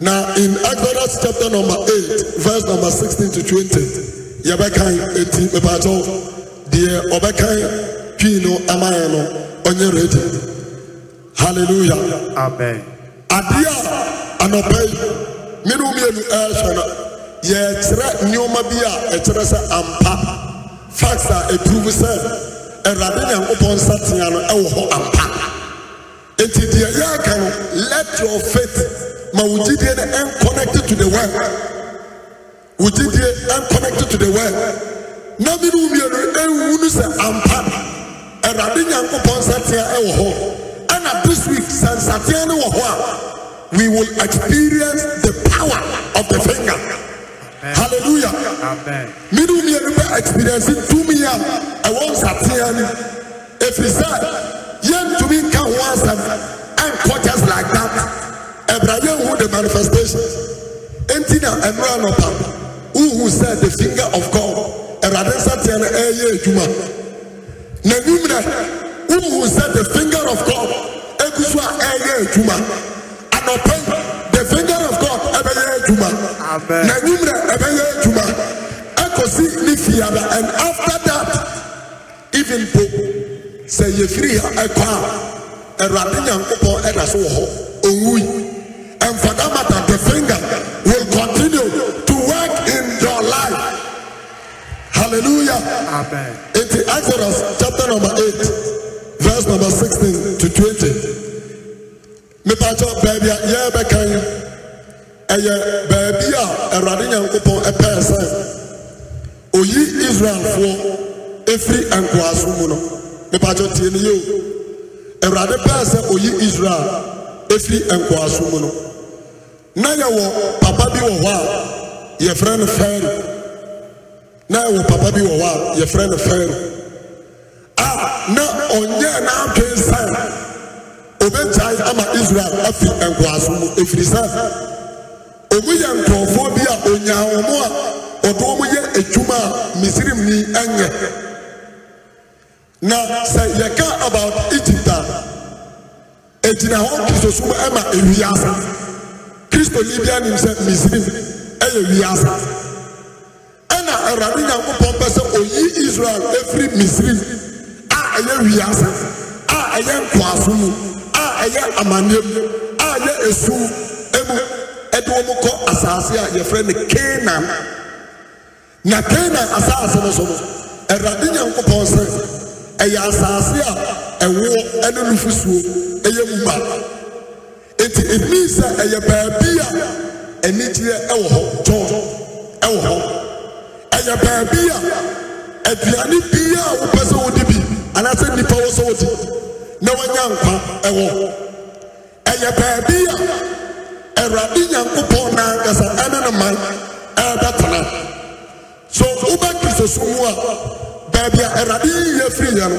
Now in Exodus chapter number eight, verse number sixteen to 20, yɛbɛkan eti mepatɔ deɛ ɔbɛkan twii no amayɛ no ɔnyɛ redi hallelujah amen adeɛ a anɔpɛ yi mmienu mmienu ɛrehwɛ no yɛrekyerɛ nneɛma bi a ɛkyerɛ e sɛ ampa facts a eprove sɛ e ɛwurade nyankopɔn nsateaa no ɛwɔ e hɔ ampa eti deɛ yɛaka no let your faith. ma wo gyidie no ɛnconnected to the world wo gyidie ɛnconnected to the world na mene wo mmienu ɛnwu no sɛ ampa awurade nyankopɔn nsateɛ ɛwɔ hɔ ɛna this week sɛ nsateɛ no wɔ hɔ a we will experience the power of the finger hallelujah mene wo mmienu bɛ experience tumi a ɛwɔ nsateɛ no ɛfiri sɛ yɛntumi nka ho asɛm ɛnkɔ just like that ɛbrɛ who the manifestation eti na mmerɛ anɔpa huhu sɛ the finger of god ɛwurade nsateɛ no ɛreyɛ adwuma na nwummerɛ huhu the finger of god egu so a ɛreyɛ eh, adwuma anɔpa the finger of god ɛbɛyɛ adwuma na nwummerɛ ɛbɛyɛ adwuma ɛkɔsi ne fiaba and after that even po sɛ yɛfiri ha ɛkɔ eh, a ɛwurade nyankopɔn ɛna eh, so wɔ hɔ owui and for that matter, the finger will continue to work in your life. Hallelujah. Amen. In Exodus chapter number 8, verse number 16 to 20. Mepatɔ baabi a yɛrebɛkan ɛyɛ baabi a Awurade Nyankopɔn ɛpɛɛ sɛ oyi Israelfoɔ efiri nkoaso mu no mepatɔ tie ne yo o awurade pɛɛ sɛ oyi israel efiri nkoaso mu no na yɛwɔ papa bi wɔ hɔ a yɛfrɛ no fɛɛro na yɛwɔ papa bi wɔ hɔ a yɛfrɛ no fɛɛro a na ɔnyɛ n'atwe nsan obɛgyae ama israel afi nkoaso mu ɛfiri sɛ ɔmu yɛ nkurɔfoɔ bi a onyaa wɔn mu a ɔde wɔn yɛ adwuma a misirimni ɛnyɛ na sɛ yɛka about egypt a egyina hɔ kisosum ɛma ewiase kristo ni bi anim sɛ misiri ɛyɛ wiase ɛna awurade nyankopɔn pɛ sɛ oyi israel efiri misiri a ɛyɛ wiase a ɛyɛ nkoaso mu a ɛyɛ amaneɛ mu a ɛyɛ esu emu ɛde wɔn kɔ asaase a yɛfrɛ no canaan na canaan asaase no so no awurade nyankopɔn sɛ ɛyɛ asaase a ɛwoɔ ɛne nufusuo ɛyɛ mu ba nti emi sɛ ɛyɛ baabi a anigyeɛ ɛwɔ hɔ tɔn ɛwɔ hɔ ɛyɛ baabi a aduane bia a wopɛ sɛ wodi bi anaasɛ nnipa wɔ sɛ wodi na wanya nkwa ɛwɔ ɛyɛ baabi a awurade nyankopɔn nankasa ɛne ne man ɛbɛtena so wobɛ kristosom mu a baabi a awurade yiyɛ firi yɛ no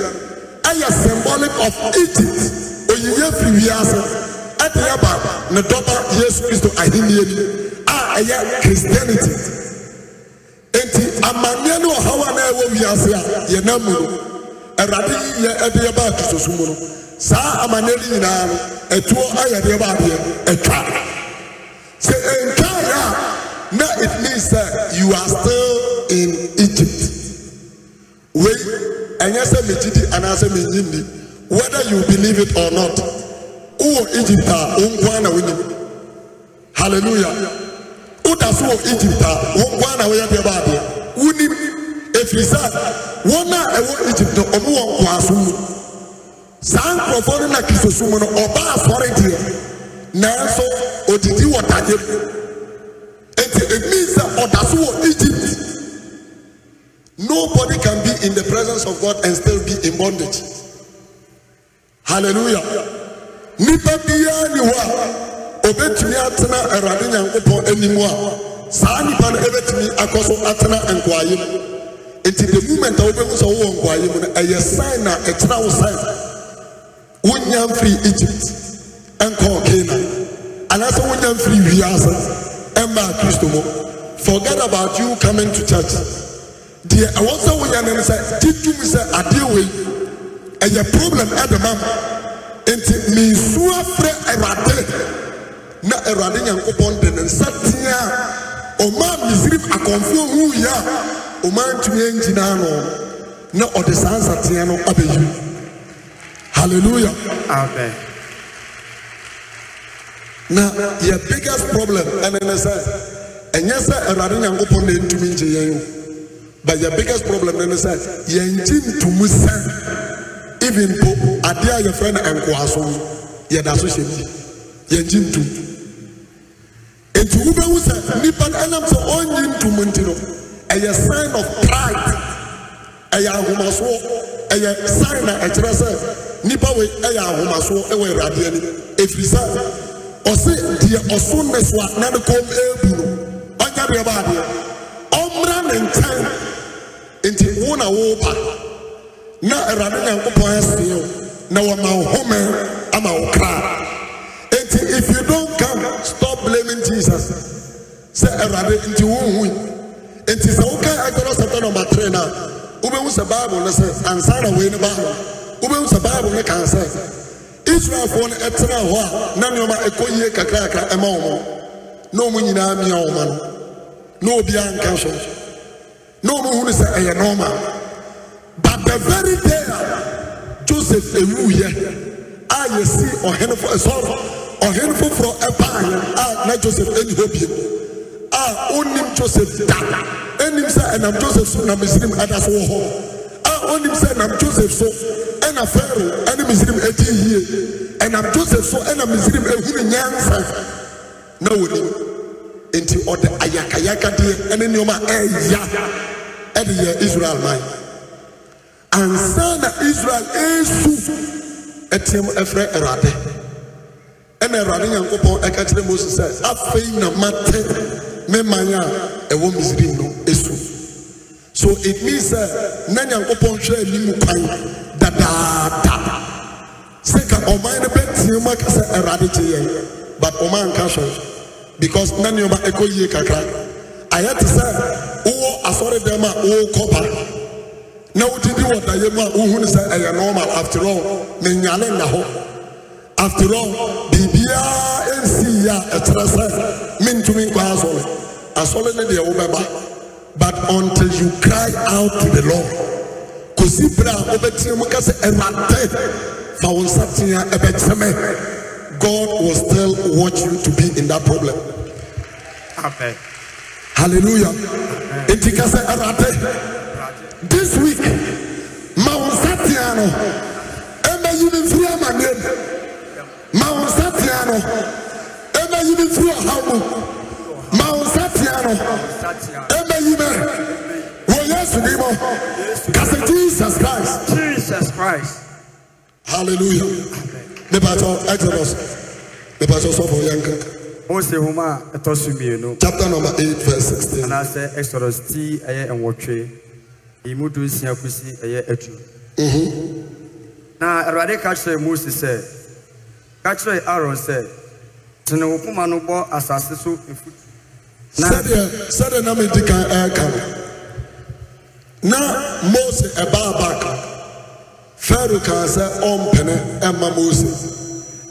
ɛyɛ symbolic of egypt oyiyɛ firi wiase yaba ne dɔba yesu kristo ahenni ni a ah, ɛyɛ christianity eti amanneɛ ne ɔhaw a na ɛwɔ wiase a yɛnam mu no ɛwurade yi yɛ ɛde yɛ baa tusoso mu no saa amanneɛ ne nyinaa no ɛtuo ayɛ deɛ baa deɛ ɛtwa sɛ ɛntwa yɛ a na it means sɛ you are still in egypt wei ɛnyɛ sɛ megye di anaasɛ menyim di whether you believe it or not wowɔ egypt a wo nko uh, ara na wonim hallelujah woda so wɔ egypt a wo nko ara na woyɛ deɛ baadeɛ wonim ɛfiri sɛ wɔn a ɛwɔ egypt no ɔmo wɔ nkoaso mu saa nkurɔfoɔ no na kristosom no ɔba asɔre deɛ nanso odidi wɔ dadeɛ mu nti emi sɛ ɔda so wɔ egypt nobody can be in the presence of god and still be in bondage hallelujah. nnipa biara ni hɔ a obetumi atena awurade nyankopɔn anim a saa nnipa no ebetumi akɔ so atena nkwaeɛ mu nti the moment a wobɛhu sɛ wowɔ nkwaeɛ mu no ɛyɛ sign na ɛkyerɛ wo sign wonya mfiri egypt nkɔɔ kena anaasɛ wonya mfiri wiase ɛmmaa kristo mu forget about you coming to church deɛ ɛwɔ sɛ woyɛ no no sɛ gye tum sɛ adeɛ wei ɛyɛ problem ɛde ma nti mensuo afrɛ awurade na awurade nyankopɔn de ne nsa tea a ɔmaa misiri akɔmfoɔ huuyɛ a ɔmaa ntumi angyinaa no na ɔde saa nsateɛ no abɛyi hallelujah amen na yɛ biggest problem ɛne ne sɛ ɛnyɛ sɛ awurade nyankopɔn na ntumi ngye yɛn o but yɛ biggest problem ne ne sɛ yɛngye ntumu sɛ even mpo adeɛ a yɛfrɛ no nkoaso no yɛda so hyɛ bi yɛngye ntum nti wobɛhu sɛ nnipa no ɛnam sɛ ɔnye ntum nti no ɛyɛ sign of pride ɛyɛ ahomasoɔ ɛyɛ sign a ɛkyerɛ sɛ nnipa wei ɛyɛ ahomasoɔ ɛwɔ awurade anim ɛfiri sɛ ɔse deɛ ɔso ne so a na ne kɔm ɛɛbu no ɔnyɛ deɛ baadeɛ ɔmmra ne nkyɛn nti wo na woba na na nyankopɔn asie wo na wɔma wo home ama if you don come stop blaming jesus sɛ awurade nti huhui enti sɛ woka exodus chapter number three na sɛ sɛ na wei ne bible wobɛhu sɛ bible no kaa sɛ israelfoɔ no ɛtena hɔ a na nneɔma ɛkɔ yie ɛma na ɔmo nyinaa mia wo ma no na obiara nka so na sɛ ɛyɛ normal the very day a joseph ewuiɛ a yɛsi ɔhenfo ɛsɔfo ɔhenfo forɔ ɛbaa yɛ a na joseph ɛni hɔ bie a onim joseph da ɛnim sɛ ɛnam joseph so na misirim ɛda so wɔ hɔ a onim sɛ ɛnam joseph so ɛna pharaoh ɛne misirim ɛdi yie ɛnam joseph so ɛna misirim ehunu nyansa na wɔnim nti ɔde ayakayakadeɛ ɛne nneɛma ɛɛya ɛde yɛ israel man. ansa na israel esu ɛteɛm ɛfrɛ awurade ɛna awurade nyankopɔn ɛka kyerɛ mose sɛ afei na mate me man a ɛwɔ misiri no esu so it means sɛ na nyankopɔn hwɛ anim kwan dadaada sɛ ka ɔman no bɛteɛm aka sɛ awurade kye yɛn but ɔman nka so because na nneɛma ɛkɔ yie kakra ayɛ te sɛ wowɔ asɔredan mu a wɔrekɔ ba na wotidi wɔ daeɛ mu a wohunu sɛ ɛyɛ normal after all menyane nna hɔ after all biribiaa ɛnsii a ɛkyerɛ sɛ mentumi nkɔ asɔre asɔre ne deɛ wobɛba but until you cry out to the lord kɔsi berɛ a wobɛtene mu ka sɛ ɛnate fa wo nsatea ɛbɛkyerɛ me god will still watch you to be in that problem amen hallelujah enti ka sɛ this week ma wo nsa tea no ɛmɛyi ne mfiri amanneɛ mu ma wo nsa tea no ɛmɛyi ne mfiri ɔhaw mu ma wo nsa tea no ɛmɛyi wɔ yesu ni mɔ kasa jesus christ jesus christ hallelujah nípasọ exodus nípasọ sọfọ yankan. Mose Homa ɛtɔ so mmienu. Chapter number eight verse sixteen. Anaasɛ Exodus ti ɛyɛ nwɔtwe. ɛyimu du nsia kosi ɛyɛ atu mhm. na awurade ka kyerɛ mose kachasị ka kyerɛ aaron sɛ tene wo poma no bɔ asase so mfutu sɛdeɛ sɛdeɛ na medi kan ɛreka no na mose ɛbaa back fɛro kaa sɛ ɔmpene ɛma mose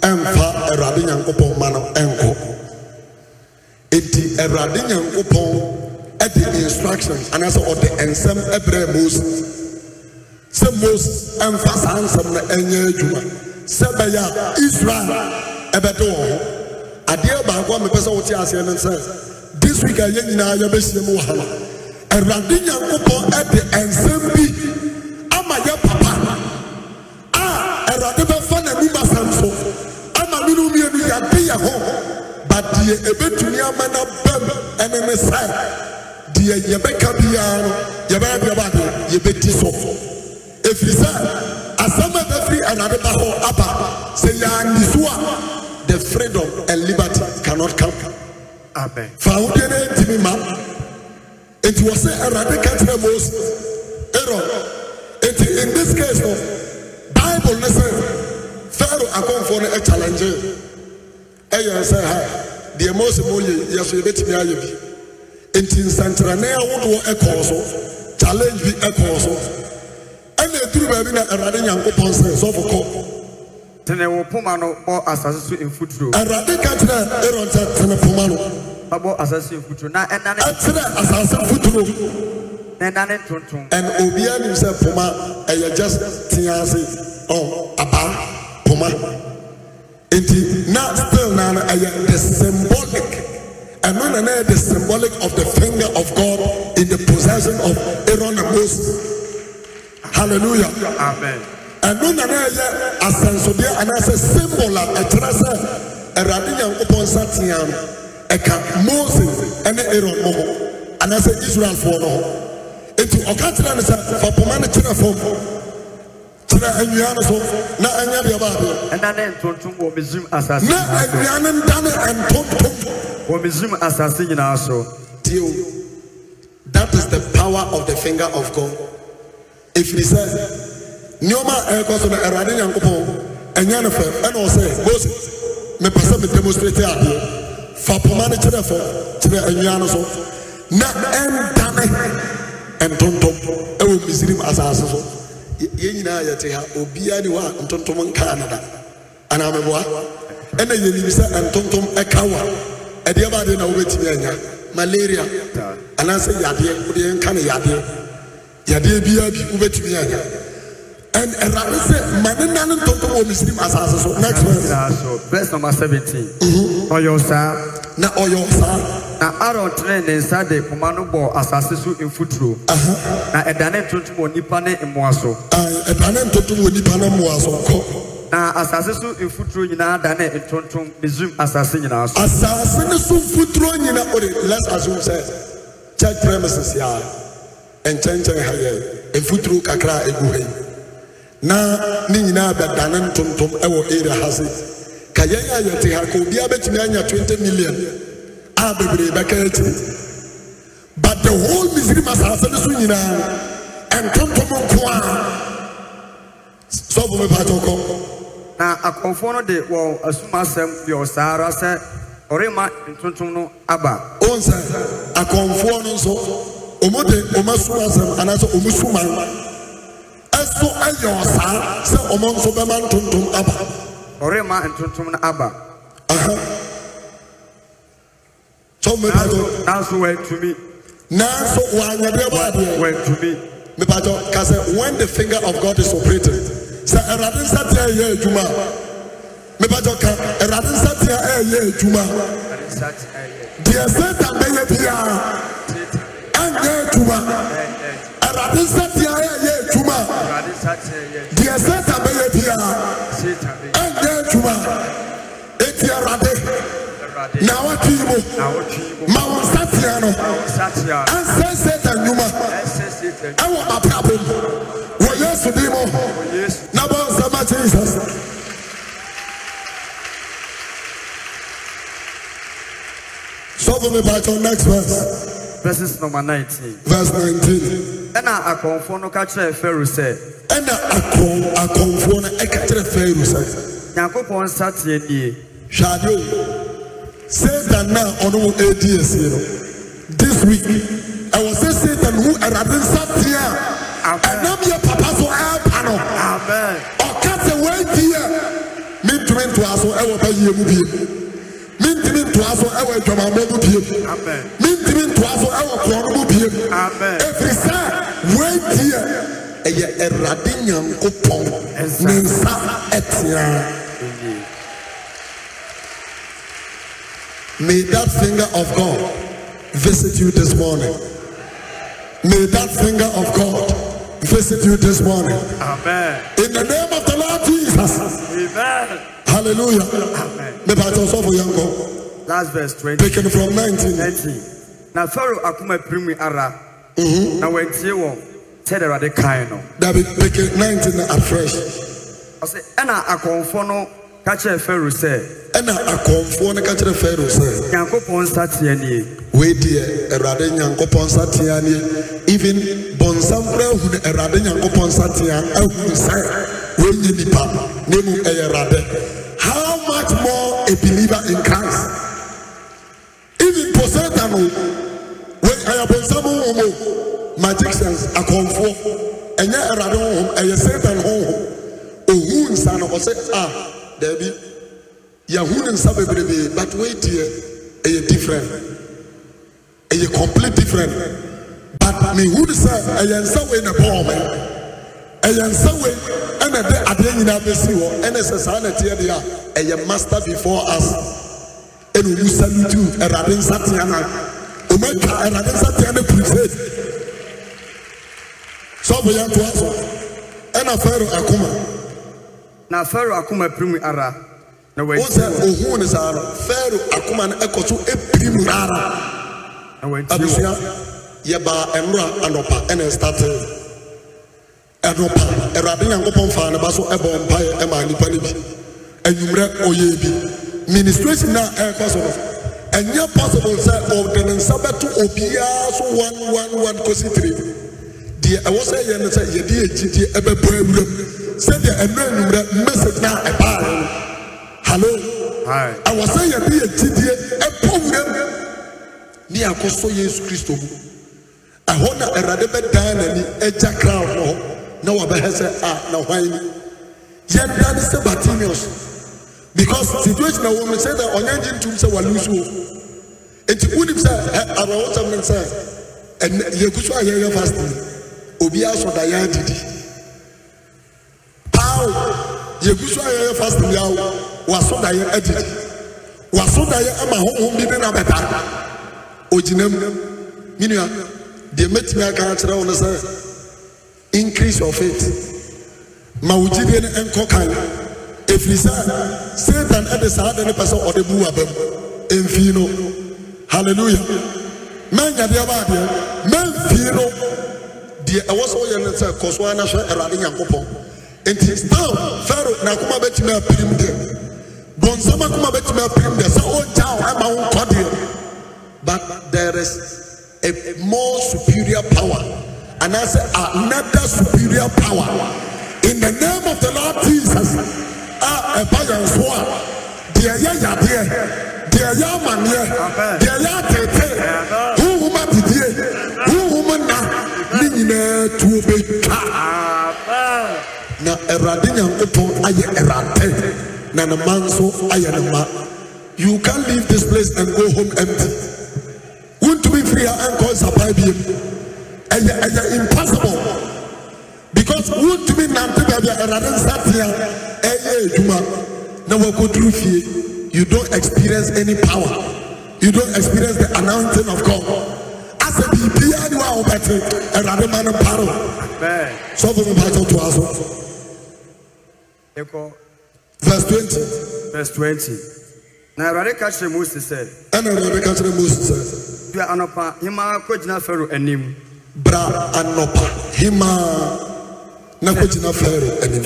ɛmfa awurade nyankopɔn ma no ɛnkɔ enti awurade nyankopɔn ɛde instruction anaasɛ ɔde nsɛm ɛbrɛ moses sɛ moses ɛnfa saa nsɛm na ɛnyɛ adwuma sɛ bɛyɛ a israel ɛbɛde wɔn ho adeɛ baako a mepɛ sɛ wɔte aseɛ no sɛ this week a yɛn nyinaa yɛbɛhyia mu wɔ ha no awurade nyankopɔn ɛde e nsɛm bi ama yɛ papa a awurade bɛfa n'anim asɛm so ama menu mmienu yɛde yɛ ho but deɛ ɛbɛtumi ama no bɛm ɛne ne sɛ deɛ yɛbɛka biara no yɛbɛyɛ deɛ baako yɛbɛti so efiri sɛ asɛm a bɛfiri anade ba hɔ aba sɛ yɛandi so a the freedom and liberty cannot come faawodeɛ no ntumi ma nti wɔ sɛ awurade ka kyerɛ mose aaron nti in this case no bible ne sɛ pharaoh akɔmfoɔ no e challenge ɛyɛ e sɛ ha deɛ mose mo yɛ yɛ e so yɛbɛtumi ayɛ bi nti nsɛnkyerɛnne ahodoɔ ɛkɔɔ so challenge bi ɛkɔɔ so ɛna eduru baabi na awurade nyankopɔn sɛ sɔfo kɔ. tene wo poma no bɔ asase so mfuturo. awurade ka kyerɛ aaron sɛ tene poma no. ɔbɔ asase so mfuturo na ɛnane. ɛkyerɛ asase mfuturo. na ɛnane tuntum. and obiara nim sɛ poma ɛyɛ just tea ase ɔ aba poma nti na still na ɛyɛ the symbolic. ɛno nana the symbolic of the finger of God in the possession of Aaron and Moses hallelujah amen ɛno nana yɛ asɛnsodeɛ anaasɛ symbol a ɛkyerɛ sɛ ɛwurade nyankopɔn nsa tea no ɛka Moses ɛne Aaron no ho anaasɛ Israelfoɔ no ho eti ɔka kyerɛ no sɛ fapoma no kyerɛ fam kyerɛ awia no so na ɛnyɛ deɛ baabi na awia no ndane ntontom wɔ misrim asase nyinaa so. tio that is the power of the finger of God efiri sɛ nneɛma eh, a ɛrekɔ so no ɛwurade nyankopɔn ɛnyɛ no fɛ ɛna ɔsɛ mose mepɛ sɛ me demonstrate adeɛ fa poma no kyerɛ fɛ kyerɛ anwia no so na ɛndane ntontom ɛwɔ misrim asase so yɛn nyinaa yɛte ha obiara ni hɔ a ntontom nkaa no da anaa meboa ɛna yɛnim sɛ ntontom ɛka wa ɛdeɛ baa deɛ na wobɛtumi anya malaria anaasɛ yadeɛ wodeɛ nka ne yadeɛ yadeɛ biara bi wobɛtumi anya and ɛrade sɛ ma ne nane ntonto wɔ misrim asase so next verse verse number 17 ɔyɛ saa na ɔyɛ saa na aaron tene ne nsa de poma no bɔ asase so mfuturo na ɛdane ntontom wɔ nipa ne mmoa so ɛdane ntontom wɔ nipa ne mmoa so nkɔ na asase so mfuturo nyinaa da ne ntontom mesum asase nyinaa so asase no so mfuturo nyinaa let's assume sɛ church premises yɛ and nkyɛnkyɛn ha yɛ mfuturo kakra egu ha yi na ne nyinaa bɛdane ntontom ɛwɔ area ha se ka yɛn a yɛte ha ka obiara bɛtumi anya twenty million a bebree bɛka akyiri but the whole misirim asase no so and ntontom nko a sɔfo mi pa atɔkɔ na akɔmfoɔ no de wɔn asumasɛm deɛ ɔsaa ara sɛ ɔrema ntontom no aba. o nsa akɔmfoɔ no nso ɔmo de ɔmo asumasɛm anaasɛ ɔmo suma ɛso ayɛ ɔsaa sɛ ɔmo nso bɛma ntontom aba. ɔrema ntontom no aba. sọ mi bàjọ. nanso wɛ to me. Now, a nyɛ bi ɛ ba a when the finger of God is operating. sɛ ɛwurade nsateɛ ɛyɛ adwuma mepatɔ ka ɛwurade nsateɛ ɛyɛ adwuma deɛ satan bɛyɛ biara ɛnyɛ adwuma ɛwurade nsateɛ ɛyɛ adwuma deɛ satan bɛyɛ biara ɛnyɛ adwuma eti ɛwurade na awɔtwe mu ma wɔn nsateɛ no ɛnsɛ satan nnwuma ɛwɔ maprabo mu wɔ yesu bi mu of Jesus. Sọ́fún mi bàtọ̀ next verse. Verses number 19. Verse 19. Ẹna akọ̀nfọ́ no ká kyerẹ́ Fẹ́rù sẹ́. Ẹna akọ̀n akọ̀nfọ́ no ẹ̀ka kyerẹ́ Fẹ́rù sẹ́. Nyankopɔn nsa tiẹ̀ die. Hwade o, Satan náà ọ̀nà wọn edi esi no, this week, ẹ̀wọ̀ sẹ́ Satan hu ẹ̀rọ̀dẹ̀ nsa tiẹ̀ a, ẹ̀nam yẹ papa so ẹ̀ẹ́pa no. Amen. ntoa so ɛwɔ bɛyie mu bie mintimi ntoa so ɛwɔ may that finger of god visit you this morning may that finger of god visit you this morning Amen. in the name hallelujah mepɛ atɔnsɔfo yɛ nkɔ last verse 20 taken from 19 20 na pharaoh akoma pirimu ara na wɔantie wɔn sɛ de no dabi 19 na afresh ɔsɛ ɛna akɔmfo no ka kyerɛ pharaoh sɛ ɛna akɔmfoɔ no ka kyerɛ pharaoh sɛ nyankopɔn nsateɛ nie wei deɛ awurade nyankopɔn nsateɛ nie even bɔnsam koraa sɛ wɔnyɛ nipa na mmom ɛyɛ awurade more a believer in Christ. Even Poseta no, when I have am Posamu Omo, magicians are called for, and yet I don't home, and yet Satan home. Ohu nsa na ɔsɛ a daabi yahu ne nsa bebrebe but wait here, ɛyɛ different ɛyɛ complete different but me mehu sɛ ɛyɛ nsa wei na bɔɔ me ɛyɛ nsa wei ɛna ɛde adeɛ nyinaa si hɔ ɛna sɛ saa na ɛteɛ deɛ a ɛyɛ master before us ɛna ɔmu salute ɛwurade nsa tea na ɔmu atwa ɛwurade nsa tea na crusade sɔfo yɛn to aso ɛna fɛro akoma. na fɛro akoma pirim ara. na wɔn ti wɔ wɔn sɛ ohun ne saa no fɛro akoma no ɛkɔ so epirim ara abusua yɛ baa nwura anɔpa ɛna ɛstatee. ɛnopa awurade nyankopɔn faa ne ba so ɛbɔ mpaeɛ ɛma nnipa no bi anwummerɛ ɔyɛɛ bi ministration no a so no ɛnyɛ possible sɛ ɔde ne nsa bɛto obiara so one one one kɔsi tiri deɛ ɛwɔ sɛ yɛ no sɛ yɛde yɛ gyidie ɛbɛbɔ awuram sɛdeɛ ɛno anwummerɛ message no a ɛbaa no hallo ɛwɔ sɛ yɛde yɛ gyidie ɛbɔ wuram ne akɔsɔ yesu kristo mu ɛhɔ na awurade bɛdan n'ani agya crown no hɔ na wabɛhɛ sɛ a ah, na hwan ni yɛda ne sɛ batimius because situation a wɔn mi sɛ dɛ ɔnyɛ ngye ntum sɛ walusu o eti wunim sɛ ɛ arawosɛm ne sɛ ɛnɛ yɛgu so a yɛyɛ fasting obi asɔ da yɛn adidi paawo yɛgu so a yɛyɛ fasting yawo wasɔ da yɛn adidi wasɔ da yɛn ama honhom bi ne na bɛta ogyina mu minua deɛ mɛtumi aka akyerɛ wɔn sɛ increase your faith ma wo gyidie no nkɔ kan ɛfiri sɛ satan ɛde saa de ne pɛ sɛ ɔde bu aba mu ɛmfii no halleluya mɛnyadeɛ baadeɛ mɛmfii no deɛ ɛwɔ sɛ woyɛ no sɛ kɔ so ara na hwɛ awurade nyankopɔn nti still fɛro n'akoma bɛtumi apirim deɛ bɔnsam akoma bɛtumi apirim deɛ sɛ ɔgya wo ɛma wo nkɔ deɛ but there is a more superior power and I say another ah, superior power in the name of the Lord Jesus. Ah, a bayan soa, dear ya ya dear, dear ya man ya, dear ya tete, who woman did ye, who woman na, nina to be na eradin yankopon aye erate na ne man so aye ne ma you can leave this place and go home empty won't be free and cause a bible ɛyɛ ɛyɛ impossible because wuntumi nante baabi a ɛwurade nsatea ɛyɛ adwuma na wakɔduru fie you don't experience any power you don't experience the announcing of God asɛ biribiara ni wa a wɔbɛte ɛwurade ma no paro sɔfo mi ba kyɛw to aso. verse twenty. verse twenty. na awurade ka kyerɛ mose sɛ. ɛna awurade ka kyerɛ mose sɛ. dua anɔpa yɛn maa kɔ gyina fɛro anim. bra anɔpa himaa na kɔgyina fɛro anim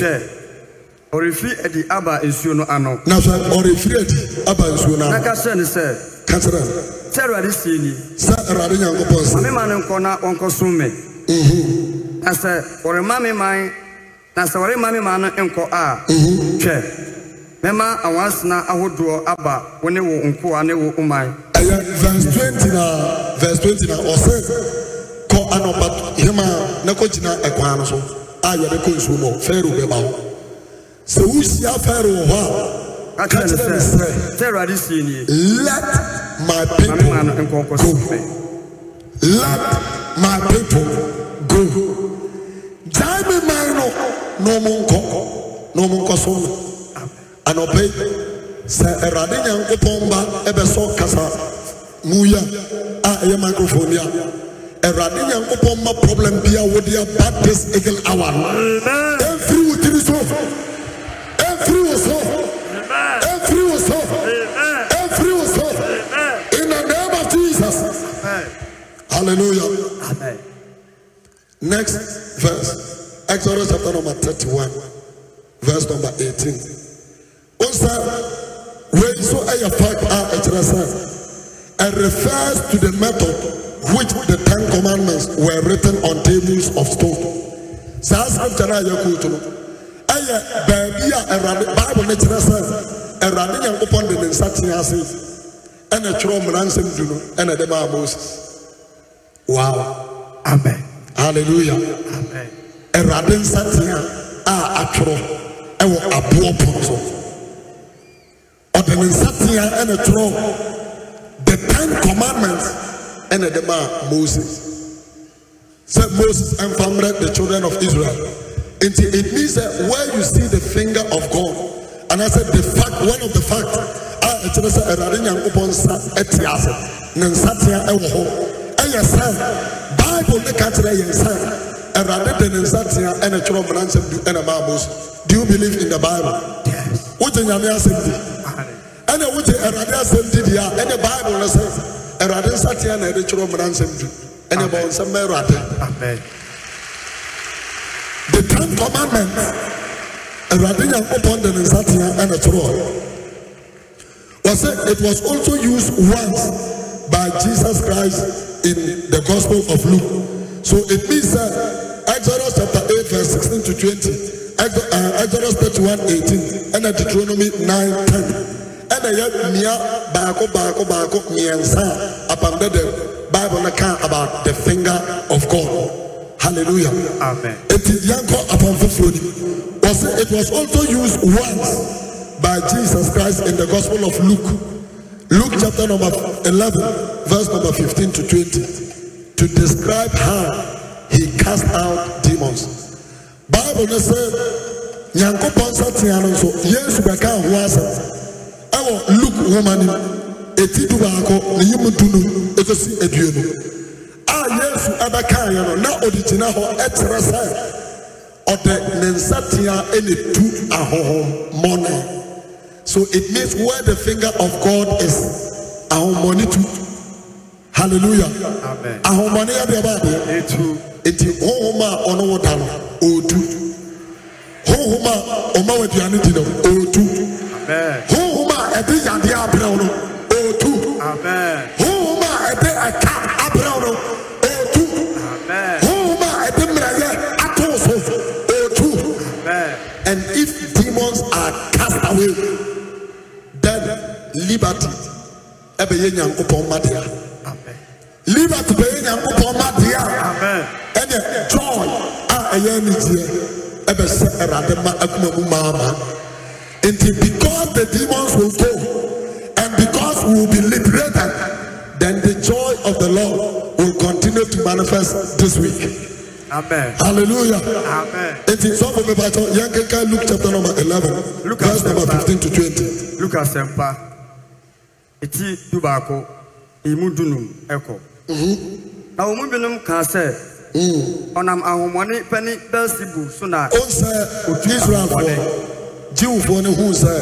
ɔrefiri adi aba nsuo no ano na sɛ ɔrefiri adi aba nsuo no ano na ka kyerɛ ne sɛ ka kyerɛ no sɛ awurade sie ni sɛ awurade nyankopɔn sɛ mema ne nkɔ na ɔnkɔsom me mhm. na sɛ wɔrema me man na sɛ wɔrema me man no nkɔ a twɛ mhm. mɛma awansena ahodoɔ aba wo ne wo nkoa ne wo man ɛyɛ verse 20 na verse 20 na ɔsɛ ana ɔba hema na gyina ɛkwan no so a yɛde kɔ nsuo mu fɛrɛ bɛ ba wo sɛ wusia fɛrɛ wɔ hɔ a ka kyerɛ ne sɛ let my people go let my people go Jai me man no na ɔmo nkɔ na ɔmo nkɔ so no anɔpɛ yi sɛ ɛwurade nyankopɔn ba ɛbɛsɔ kasa mu yi a ɛyɛ microphone ya. Eradi nyankopon ma problem bia wo dia but this eagle hour. Every within so. Every was so. Every was so. Every was so. In the name of Jesus. Hallelujah. Amen. Next verse. Exodus chapter number 31. Verse number 18. Osa wey so ɛyɛ fact a ɛkyerɛ it refers to the method which the ten commandments were written on tables of stone saa asɛmkyɛn a yɛkootu no ɛyɛ baabi a ɛwurade baabu ne kyerɛ sɛ ɛwurade nyankopɔn de ne nsa ase ɛna twerɛ du no ɛna ɛde maa moses wow amen hallelujah amen ɛwurade nsa tea a atwerɛ ɛwɔ aboɔ pono so ɔde ne nsa ɛna twerɛ the ten commandments ɛna ɛde maa moses sɛ moses ɛnfamrɛ the children of israel nti it means that where you see the finger of god And I anaasɛ the fact one of the fact a ɛkyerɛ sɛ ɛwurade nyankopɔn nsa ɛte ase ne nsatea ɛwɔ hɔ ɛyɛ sɛ bible ne ka kyerɛ yɛn sɛ ɛwurade de ne nsatea ɛna twerɛ mmeransɛm du ɛna maa moses do you believe in the bible wogye nyame asɛm di ɛna wogye ɛwurade asɛm di deɛ a ɛne bible ne sɛ awurade nsateɛ na yɛde twerɛ mmara nsɛm dwu ɛnyɛ bɔ nsɛm ma awurade the ten commandment awurade nyankopɔn de ne nsateɛ ɛna twerɛ wɔsɛ it was also used once by jesus christ in the gospel of luke so it means that exodus chapter eight verse sixteen to twenty uh, exodus thirty-one eighteen ɛna deuteronomy nine ten. ɛna baako baako baako mmiɛnsa a the bible no ka about the finger of god hallelujah amen eti ni it was also used once by jesus christ in the gospel of luke luke chapter number eleven verse number fifteen to twenty to describe how he cast out demons bible no sɛ nyankopɔn satea no nso yesu bɛka ɛwɔ luke nwoma no eti du baako ne yim du no ekosi edua no a ah, yesu ɛbɛka yɛ no na ɔde gyina hɔ ɛkyerɛ sɛ ɔde ne nsatea ɛna tu ahɔhommɔ no so it means where the finger of god is ahɔmmɔne tu hallelujah ahɔmmɔne yɛ deɛ baadeɛ eti honhom a ɔno wɔ da no ɔɔtu honhom a ɔma wɔ aduane di no ɔɔtu. liberty ɛbɛyɛ nyankopɔn madea liberty bɛyɛ nyankopɔn madea ɛnɛ joy a ɛyɛ anigyeɛ ɛbɛsɛ ɛwurade ma akoma mu maama nti because the demons will go and because we will be liberated then the joy of the lord will continue to manifest this week. Amen. Hallelujah. Amen. It is over me, but Luke chapter number 11, Look verse number 15 to 20. Look at Sempa. eti du baako emu dunum ɛkɔ na wɔn mu binom kaa sɛ ɔnam ahomɔne pɛni belsibu so na otu ahomɔne jiwfoɔ ne huu sɛ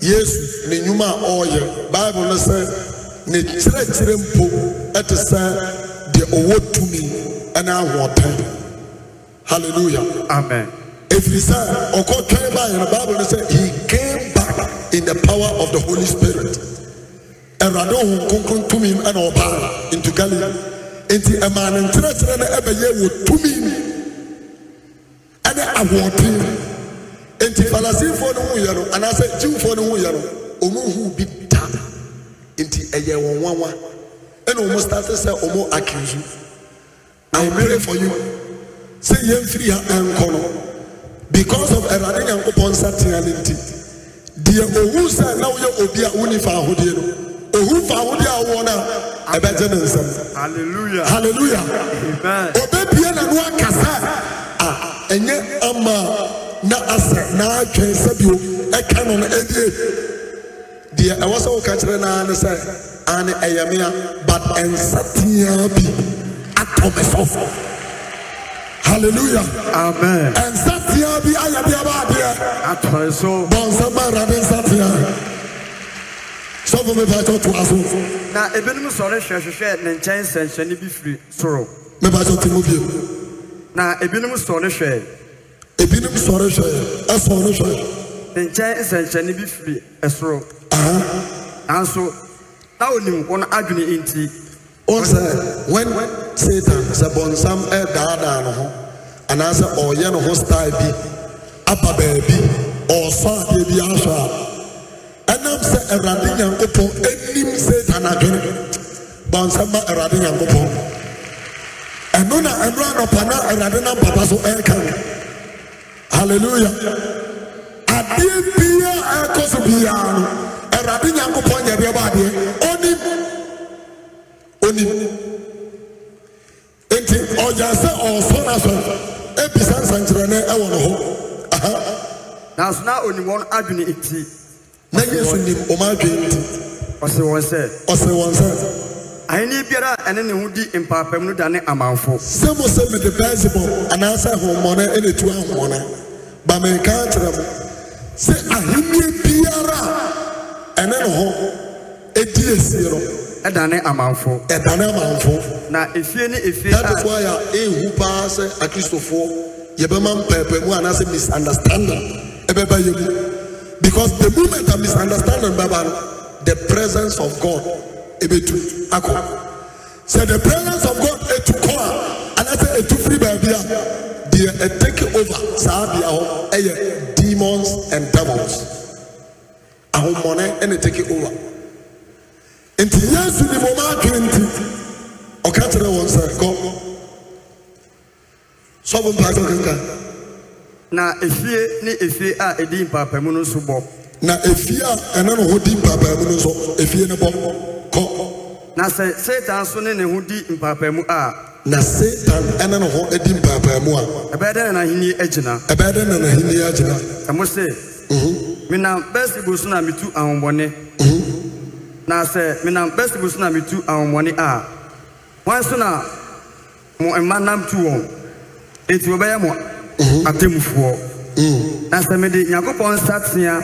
yesu ne nnwuma a ɔreyɛ bible no sɛ ne kyerɛkyerɛ mpo ɛte sɛ deɛ ɔwɔ tumi ɛne ahoɔpɛ hallelujah amen ɛfiri sɛ ɔkɔtwɛn baeɛ no bible no sɛ he came back in the power of the holy spirit awurade ohun kronkron tumi ɛna ɔbaa nti galilei nti ɛmaa ne nkyerɛkyerɛ no ɛbɛyɛ wɔ tumi ɛne ahoɔden nti falasifoɔ no ho yɛ anaasɛ jiwfoɔ no ho yɛ ɔmo hu bi da nti ɛyɛ wɔn nwanwa ɛna ɔmo starte sɛ ɔmo akizu i for you sɛ yɛn firi ha ɛnkɔ because of awurade nyankopɔn nsatea ne nti deɛ owu sɛ na woyɛ obi a woni fa ahodeɛ no ohu fa awudi awo na ɛbɛ gye ne nsam hallelujah hallelujah amen obebie nanu akasa a ɛnyɛ ama na asa na atwɛn sɛbio ɛka no no ɛdie deɛ ɛwɔ sɛ woka kyerɛ naa ne sɛ ane ɛyɛ mea but ɛnsatea bi atɔ me sɔfo hallelujah amen ɛnsatea bi ayɛ bi adeɛ atɔ so bɔnsɛn bɛ awurade nsatea sọfún mi bàtọ tó aso. na ebinom sọrọ hwẹhwẹhwẹ ne nkyɛn nsɛnkyɛnni bi firi soro. mi bàtọ ti mu bi. na ebinom sọrọ hwɛ. ebinom sọrọ hwɛ ɛsɔrɔ hwɛ. ne nkyɛn nsɛnkyɛnni bi firi ɛsoro. nanso na onim wɔn adwene nti. o sɛ wɛn satan sɛ bɔnsam ɛdaadaa ne ho anaasɛ ɔyɛ ne ho style bi aba baabi ɔsɔ adeɛ bi ahyɛ a. ɛnam sɛ awurade nyankopɔn anim satan adwene awurade na na awurade nam papa so ɛreka no halleluya adeɛ biara so biara no awurade nyankopɔn yɛ deɛ adeɛ onim onim nti sɛ na sɔ ebisa nsɛnkyerɛnne ɛwɔ ho onim wɔn adwene na yesu nim ɔmo adwene nti ɔsi wɔn sɛ ɔsi wɔn sɛ ahenni biara a ɛne ne ho di mpaapam no da ne amanfo sɛ mo sɛ mede baisibɔ anaasɛ ahomɔne ɛna etu ahomɔne ba meka kyerɛ mo sɛ ahenni biara a ɛne ne ho edi esie no ɛda ne amanfo ɛda ne amanfo na efie ne efie a ɛde kɔ a ehu paa sɛ akristofoɔ yɛbɛma mpaapam anaasɛ misunderstanding ɛbɛba yɛ mu. Because the moment I misunderstand and babal, the presence of God ebetu akọ. Say the presence of God etu kọ a, and I say etu free by the, deɛ ɛtake eh, over saa bea hɔ demons and devils. and they eh, take it over. I Yesu ni mo maa dwe nti, ɔka kyerɛ wɔn sɛ pass on the kankan. na efie ni efie a edi mpaapamu no nso bɔ. na efie a ɛne ne ho di mpaapamu no nso efie ne bɔ kɔ. na sɛ seetan nso ne ne ho di mpaapamu a. na seetan ɛne ne ho di mpaapamu a. ɛbɛyɛ dɛ na n'ahenni agyina. ɛbɛyɛ dɛ na n'ahenni agyina. ɛmo se. Mhm. menam bɛsibu so na metu ahomɔne. Mhm. na sɛ menam bɛsibu so na metu ahomɔne a wɔn nso na mo mma nam tu wɔn eti wɔbɛyɛ mo. Mm-hmm. atemmufoɔ mm. na sɛ mede nyankopɔn nsatea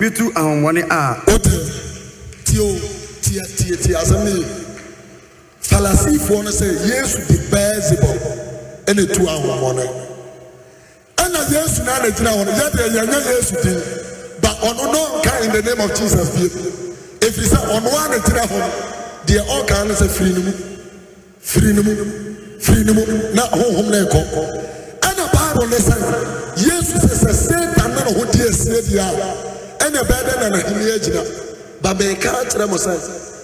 metu ahonhommɔne a odi tio tietietie asɛm ne farisifoɔ no sɛ yesu de beelzebul ɛna tu ahonhommɔne ɛna yesu na ana gyina hɔ no yɛdeɛ yɛnyɛ yesu din but ɔno no nka in the name of jesus fie ɛfiri sɛ ɔno a ne gyina hɔ no deɛ ɔka no sɛ firi no mu firi no mu firi no mu na honhom no ɛkɔ bible ne sɛ yesu sɛ sɛ satan na na ho di asie deɛ a ɛna ɛbɛyɛ dɛ na n'ahemi agyina babɛnka akyerɛ mo sɛ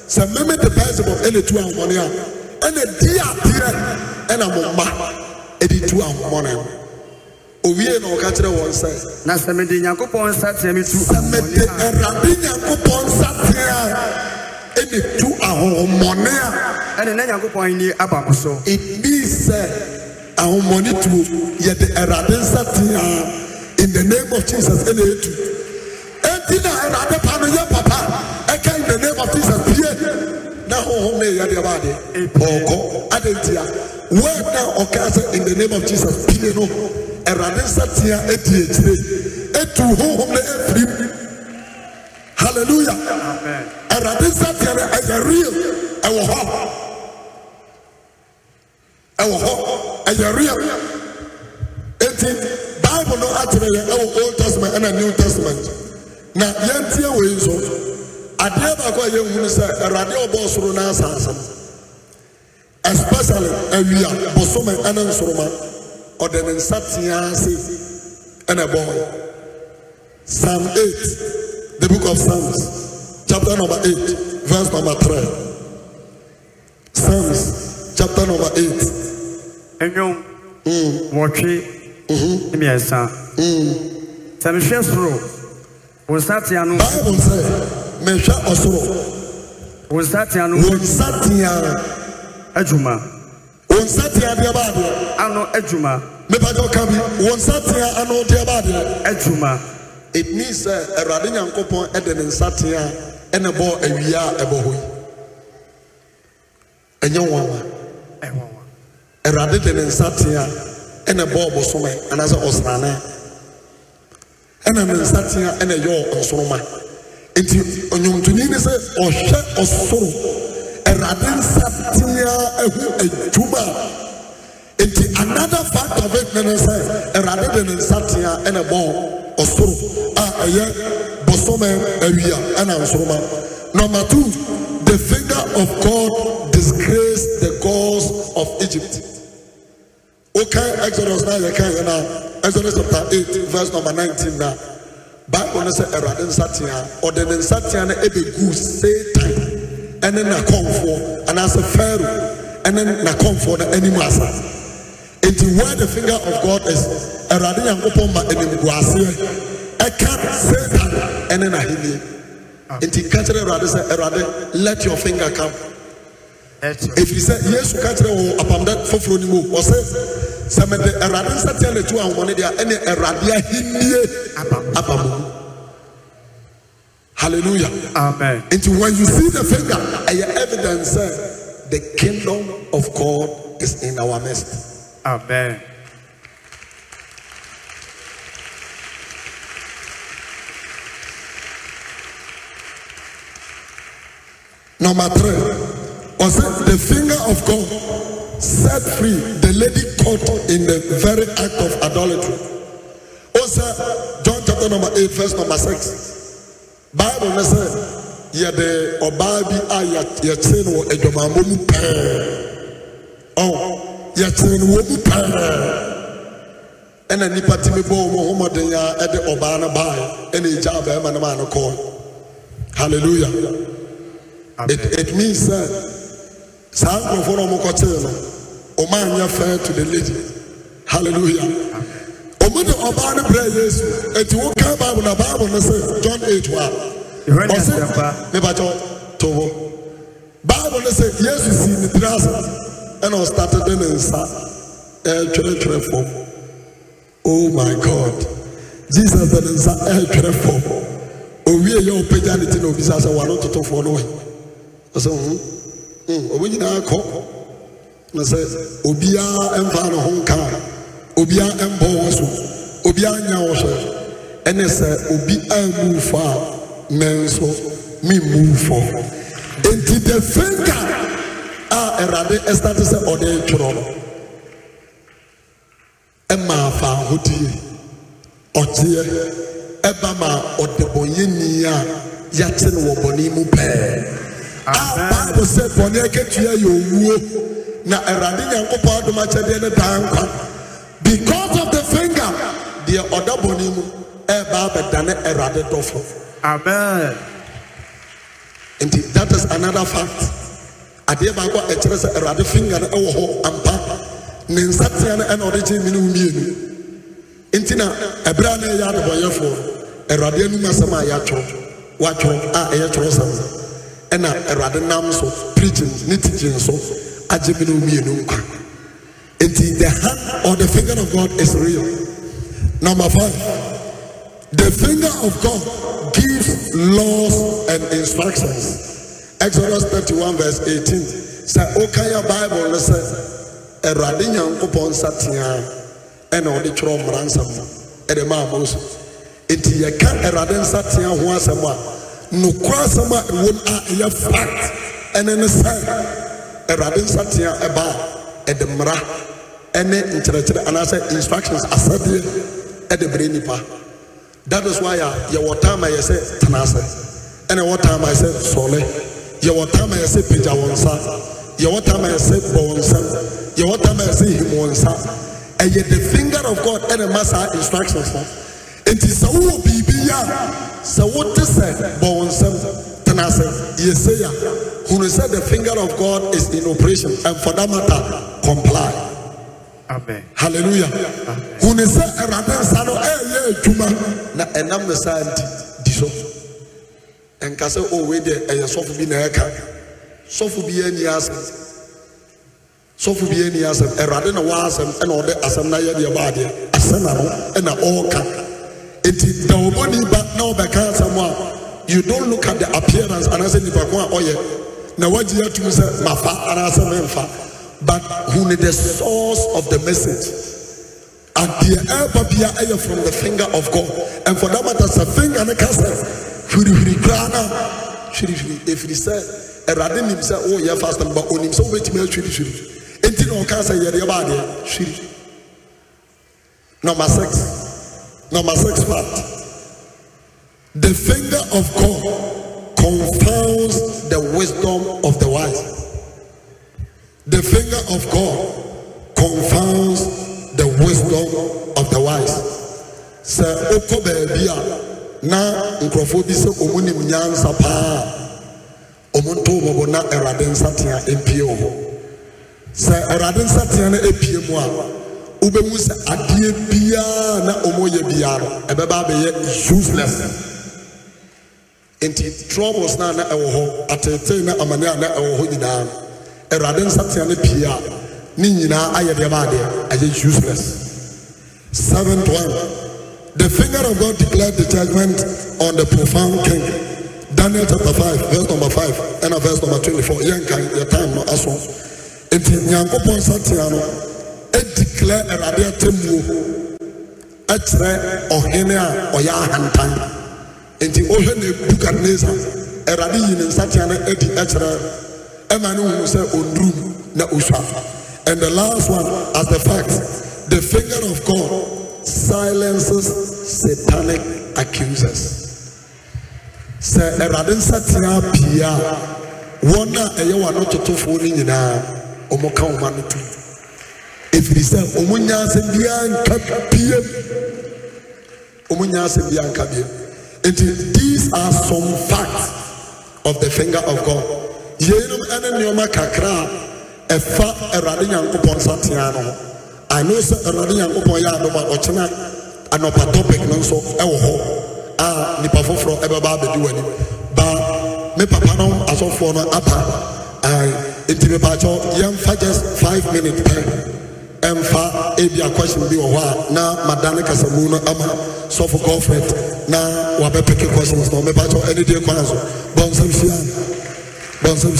sɛ mmemme de bible ɛna tu ahomɔne a ɛna di adeɛ ɛna mo mma ɛde tu ahomɔne no owie na ɔka kyerɛ wɔn sɛ. na sɛ mede nyankopɔn nsateɛ mi tu ahomɔne a sɛ mede ɛrade nyankopɔn nsateɛ a ɛna tu ahomɔne a ɛne na nyankopɔn aba so. ebi sɛ ahomoni tuo yɛde ɛwurade nsa tia in the name of jesus ɛna etu eti na ɛwurade pa no yɛ papa ɛka in the name of jesus pie na ahohom na eya deɛ baade ɔkɔ adi ntia word na ɔka sɛ in the name of jesus pie no ɛwurade nsa tia eti ekyire etu hohom na efiri hallelujah ɛwurade nsa tia no ɛyɛ real ɛwɔ hɔ ɛwɔ hɔ ɛyɛ real eti bible no atene yɛ ɛwɔ old testament ɛna new testament na yɛn tie wɔ yi nso adeɛ baako a yɛn hunu sɛ ɛwurade ɔbɔ soro na asaase especially awia bosome ɛne nsoroma ɔde ne nsa tea ase ɛna ɛbɔ wɔn psalm eight the book of psalms chapter number eight verse number three psalms chapter number eight. nnwom hmm. wɔtwe hmm. mmiɛnsa hmm. sɛ mehwɛ soro wo nsatea no bible sɛ mehwɛ ɔsoro wo nsatea no wo nsatea adwuma wo nsatea deɛ baadeɛ ano adwuma mepagya ɔka bi wo nsatea ano deɛ baadeɛ adwuma it means sɛ awurade nyankopɔn ɛde ne nsatea ɛne bɔɔ awia a ɛbɔ hɔ yi ɛnyɛ nwanwa ɛwɔ awurade de ne nsa tea ɛna bɔɔ bosome anaasɛ ɔsrane ɛna ne nsa tea ɛna ɛyɛ nsoroma nti ɔnwomtoni ne sɛ ɔhwɛ ɔsoro awurade nsa tea ɛho adwuma a nti another fact of it ne ne sɛ awurade de ne nsa tea ɛna bɔɔ ɔsoro a ɛyɛ bosome awia ɛna nsoroma number two the finger of god disgraced the gods of egypt. Okay, Exodus 9, you can now. Exodus chapter 8, verse number 19 now. Bible no sɛ ɛwurade nsatea ɔde ne nsatea no ɛbɛgu satan ɛne n'akɔnfoɔ anaasɛ pharaoh ɛne n'akɔnfoɔ no anim asa nti where the finger of God is ɛwurade nyankopɔn ma animgu aseɛ ɛka satan ɛne n'ahenni nti nka kyerɛ ɛwurade sɛ ɛwurade let your finger come ɛfiri yesu ka kyerɛ apamda foforɔ ni mu ɔsɛ sɛ ɛwurade nsa tia n'atu ahomane deɛ ɛne ɛwurade ahenie abamu hallelujah amen nti when you see the finger ɛyɛ evidence sɛ the kingdom of god is in our midst amen. Number three. or say the finger of God set free the lady caught in the very act of idolatry. Also, oh, John chapter number 8, verse number 6. Bible says, yɛde the bi a yɛkyerɛ no wɔ adwamammɔ mu pɛɛ ɔn yɛkyerɛ no wɔ mu pɛɛ ɛna nnipa tumi bɔ wɔn homɔden a ɛde ɔbaa no baa ɛna no hallelujah it it means that. saa nkurɔfoɔ no ɔmokɔtee no ɔmaanyɛ fɛn to the lady Hallelujah. ɔmo ne ɔbaa no brɛ yesu enti woka bible na bible no sɛ john 8 wa. a ɔse mebakyɛ to hɔ bible no sɛ yesu sii ne tiri ase ɛna ɔstarte de ne nsa ɛretwerɛtwerɛ fam oh my god jesus de ne nsa ɛretwerɛ fam owie yɛ ɔpagya ne ti na obisa sɛ wano totofoɔ no wɛ ɔsɛ hmm ɔmo nyinaa kɔ na sɛ obiara mfa ne ho nkaa obiara mbɔ wɔn so obiara nya wɔn so ɛne sɛ obi amu fɔ a mɛ nso mi mu fɔ nti the finger a ɛrade ɛstate sɛ ɔde twerɛ no ɛmaa faahodie ɔteɛ ɛba ma ɔdebɔyɛni a yɛate no wɔ bɔne mu pɛɛ. bible sɛ bɔne akatua yɛ owuo na awurade nyankopɔn adom akyɛdeɛ ne daa nkwa because of the finger deɛ ɔda bɔne mu ɛɛba abɛdane awurade dɔfo amen nti that is another fact adeɛ baako a ɛkyerɛ sɛ awurade finger no ɛwɔ hɔ ampa ne nsatea no ɛna ɔde kyerɛ mene wo mmienu nti na ɛberɛ a na ɛyɛ adebɔyɛfoɔ awurade anom asɛm a yɛatwerɛ watwerɛ a ɛyɛ twerɛ sɛm ɛna awurade nam so preaching ne teaching so agye mi na mmienu nkwa eti the hand or the finger of God is real number five the finger of God gives laws and instructions exodus thirty-one verse eighteen sɛ okanya bible no sɛ awurade nyankopɔn nsa teaa ɛna ɔde twerɛ mmara nsɛm ɛde maa mo so eti yɛka awurade nsa teaa ho asɛm a. nokorɛ asɛm a ɛwom a ɛyɛ fact ɛne ne sɛ awurade nsatea ɛba a ɛde mmara ɛne nkyerɛkyerɛ anaasɛ instructions asɛdeɛ ɛde bere nipa that is why a yɛwɔ time a yɛ sɛ ɛna ɛwɔ time a yɛ sɛ yɛwɔ time a yɛ pagya wɔn nsa yɛwɔ time a yɛ bɔ wɔn nsa yɛwɔ time a yɛ him wɔn nsa ɛyɛ the finger of God ɛna ɛma saa instructions no nti sɛ wowɔ biribi yɛ a sɛ wote sɛ bɔ wo nsɛm tena sɛ yɛse ya hunu sɛ the finger of god is in operation and for that matter comply Amen. hallelujah hunu sɛ awurade nsa no ɛyɛ adwuma na ɛnam ne saa nti di so ɛnka sɛ o oh, wei deɛ ɛyɛ sɔfo bi na ɛka sɔfo bi ani asɛm sɔfo bi ani asɛm awurade na wɔasɛm ɛna ɔde asɛm no ayɛ deɛ baadeɛ asɛm na no ɛna ɔreka eti da oboni ba na obeka samwa you don't look at the appearance and as in the oye na waji ya tumu say oh, mafa and as memfa but who need the source of the message and the air papia aye from the finger of God and for that matter the finger and the cast huri huri grana huri huri if he said erade nim say oh yeah fast but onim so betimi huri huri enti na o ka say yere ba de huri number 6 Number six part. The finger of God confounds the wisdom of the wise. The finger of God confounds the wisdom of the wise. Sɛ okɔ baabi a na nkurɔfoɔ bi sɛ ɔmo nim nyansa paa ɔmo nto wɔbɔ na ɛwurade nsatea mpie wɔ hɔ sɛ ɛwurade nsatea no epie mu a wobɛhu sɛ adeɛ biara na ɔmɔyɛ biara no ɛbɛba abɛyɛ useless nti troubles na na ɛwɔ hɔ atetee na amane a na ɛwɔ hɔ nyinaa no awurade nsatea no pii a ne nyinaa ayɛ deɛ baadeɛ ɛyɛ useless seventh one the finger of god declared the judgment on the profound king daniel chapter five verse number five ɛna verse number twenty-four yɛn kan yɛ time no aso nti nyankopɔn nsatea no kyerɛ awurade atemmuo ɛkyerɛ ɔhene a ɔyɛ ahantan nti ɔhwɛ ne bukadnesa awurade yi ne nsatea no adi ɛkyerɛ ɛma ne hunu sɛ ɔndurum na ɔsua and the last one as the fact the finger of god silences satanic accusers sɛ awurade nsatea pii a wɔn a ɛyɛ wɔn anototofoɔ no nyinaa wɔn ka wɔn ano tum ɛfiri sɛ ɔmo nyansɛm biara nka biem ɔmo nyansɛm biara nka biem nti these are some facts of the finger of God yeinom ɛne nneɛma kakra a ɛfa awurade nyankopɔn nsatea no ho ano sɛ awurade nyankopɔn yɛ adom a ɔkyena anɔpa topic no nso ɛwɔ hɔ a nipa foforɔ ɛbɛba abɛdi wɔ anim ba me papa no asɔfoɔ no me ɛɛ nti mepakyɛw yɛmfa just five minutes pɛn. ɛmfa ebi question bi wɔ hɔ a na madane kasamu no ama sɔfo gɔfrɛt na wabɛpeke questions na ɔmɛpakyɛ ɛne deɛ kwan so bɔnsɛm sia bɔnsɛm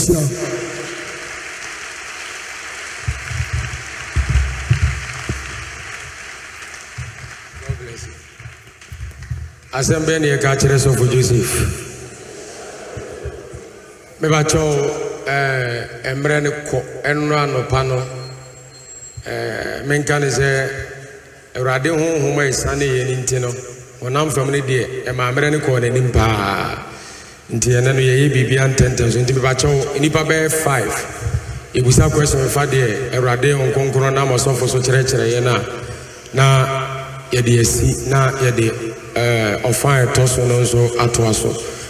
asɛm bɛɛ kyerɛ sɔfo joseph mɛpakyɛw ɛɛ kɔ anɔpa no Eh, menka ne sɛ awurade honhom a ɛsiane yɛ no nti no ɔnam fam no deɛ ɛmaamerɛ no kɔɔ n'anim paa nti ɛnɛ no yɛyɛ biribia so nti nnipa bɛyɛ fa deɛ awurade so no a na yɛde asi na yɛde eh, ɔfa a ɛtɔ so no nso atoa so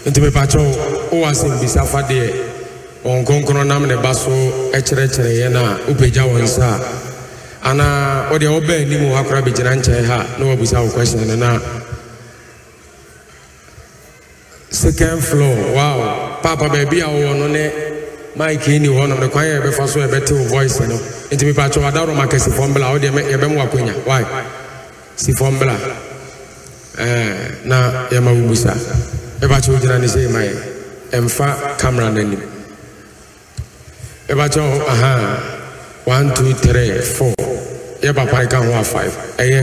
nti mepakyɛw wowɔ asɛm bisa fa deɛ nam ne ba so no a wopagya nsa a anaa ɔdeɛ wɔbaa anim hɔ akora bɛgyina nkyɛn ha na ọ wo question no na sekend floor wow papa a wɔwɔ nọ ne mike ni hɔ nom ne kwan yɛ yɛbɛfa so yɛbɛte wo ọ no nti mepatwɛ wada rɔma kɛ sifɔ ebe wodeɛ yɛbɛm wakonya why si eh, na yɛma wo busa mepatwɛ wogyina ne sɛ ma yɛ kamara ọ. one two three four yɛ papa yi ka ho a five ɛyɛ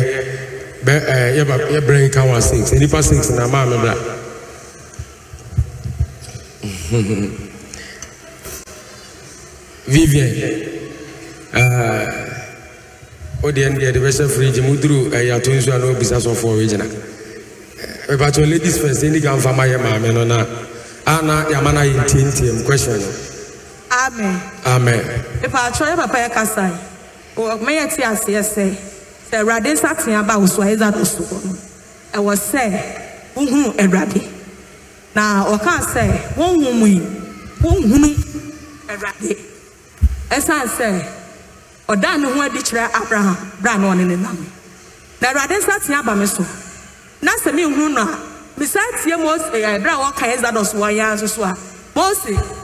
bɛ ɛɛ yɛ papa yɛ brɛ yi ka ho a six nipa six na maa mi bra vivian ɛɛ o deɛ n deɛ de bɛ hyɛ firiji mu duru ɛyɛ ato nsu a n'o bisa sɔfo o yi gyina ɛɛ bàtɛ ladies first ɛni ka nfa ma yɛ maame no na ana yamana yi ntiɛntiɛm question no amen amen mpatsɔ yɛ papa yɛ kasa yi wɔ mɛyɛ ti aseɛ sɛ sɛ awurade nsa tea ba wosɔ a yɛdza to so wɔ eh, eh, no ɛwɔ sɛ wohunu awurade na ɔka sɛ wɔnhu mu yi wɔnhunu awurade ɛsan sɛ ɔdan ne ho adi kyerɛ abraham bra na ɔne ne nam na awurade nsa tea ba me so na sɛ menhunu no a mesa tie mose ɛberɛ a wɔka exodus wɔ yɛn nso so a mose